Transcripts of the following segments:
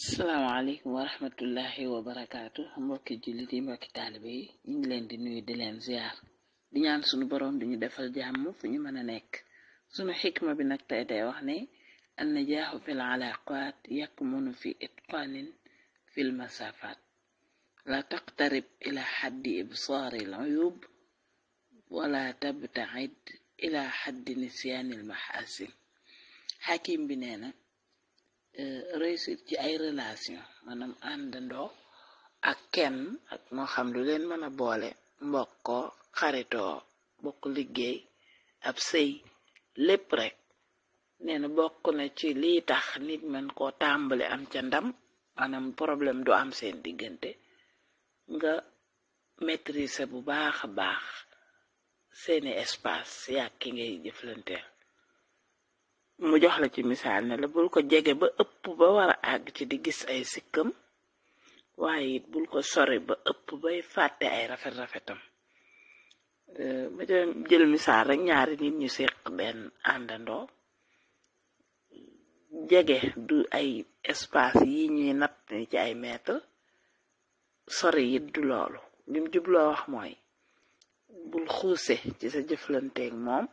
salaamaaleykum wa rahmatullahi wa barakaatu mbokki jullit yi mbokki taalibe yi ñu ngi leen di nuyu di leen ziar di ñaan suñu boroom di ñu defal jàmm fu ñu mën a nekk sunu xikma bi nag tey day wax ni an najaaxu fil alaqaat yakmunu fi itqaanin fil masafaat la taqtarib ila xaddi ibsaari al uyub wala tabtaid ila xaddi nisyaani al xakim bi nee nag Euh, réussite ci ay relation maanaam àndandoo ak kenn ak moo xam lu leen mën a boole mbokkoo xaritoo bokk liggéey ab sëy lépp rek nee na bokk na ci lii tax nit mën koo tàmbali am ca ndam maanaam problème du am seen diggante nga maitrise bu baax a baax seeni espace yaa ki ngay jëflanteel mu jox la ci misaal ne la bul ko jege ba ëpp ba war a àgg ci di gis ay sikkam waaye it bul ko sori ba ëpp bay fàtte ay rafet rafetam euh, ma jël misaal rek ñaari nit ñu séq benn àndandoo jege du ay espace yi ñuy natt ni ci ay mètre sori it du loolu lim jubloo wax mooy bul xuuse ci sa jëflanteeg moom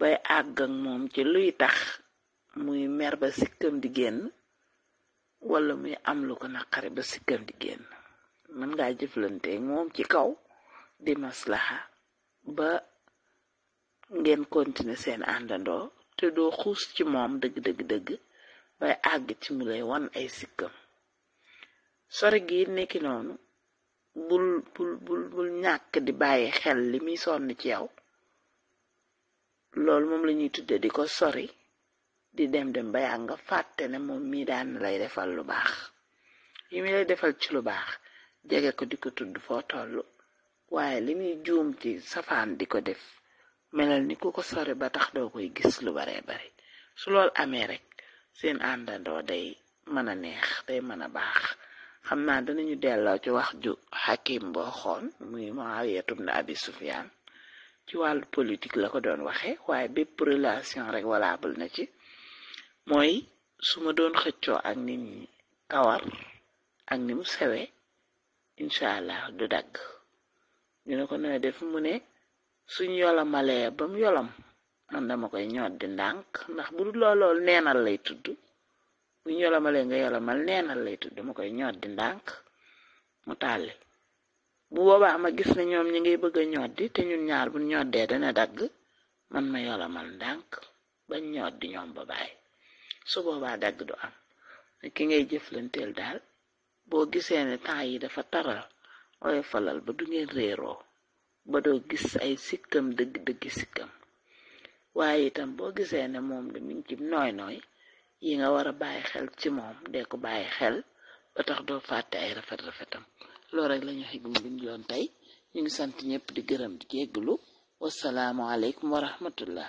bay àgg ak moom ci luy tax muy mer ba sikkam di génn wala muy am lu ko naqari ba sikkam di génn mën ngaa jëflante moom ci kaw di maslaxa ba ngeen continuer seen àndandoo te doo xuus ci moom dëgg dëgg dëgg bay àgg ci mu lay wan ay sikkam sore gi nekki noonu bul bul bul ñàkk di bàyyi xel li muy sonn ci yow loolu moom la ñuy tudde di ko sori di dem dem ba yàgg nga fàtte ne moom mii daan lay defal lu baax yi mi defal ci lu baax jege ko di ko tudd foo toll waaye li muy juum ci safaan di ko def melal ni ku ko sori ba tax doo koy gis lu baree bari su lool amee rekk seen àndandoo day mën a neex day mën a baax xam naa danañu delloo ci wax ju xakim boo xoon muy Muawiyatu bnu Abi Sufyaan ci wàllu politique la ko doon waxe waaye bépp relation rek valable na ci mooy su ma doon xëccoo ak nit ñi kawar ak ni mu sewee incha allah du dagg ñu ne ko nooy def mu ne suñ yolamalee ba mu yolam man dama koy ñoot di ndànk ndax bu dul lool neenal lay tudd bu ñu yolamalee nga yolamal neenal lay tudd dama koy ñoot di ndànk mu tàlli bu boobaa ma gis ne ñoom ñi ngay bëgg a ñoddi te ñun ñaar bu ñoddee dana dagg man ma yolamal ndànk bañ ñoddi ñoom ba bàyyi su boobaa dagg du am ki ngay jëflanteel daal boo gisee ne temps yi dafa taral ooye falal ba du ngeen réeroo ba doo gis ay sikkam dëgg dëggi sikkam waaye itam boo gisee ne moom de mi nooy nooy yi nga war a bàyyi xel ci moom dee ko bàyyi xel ba tax doo fàtte ay rafet rafetam loolu rek lañu xegum biñ yoon tey ñu ngi sant ñëpp di gërëm di jégglu wasalaamu aleykum wa rahmatullah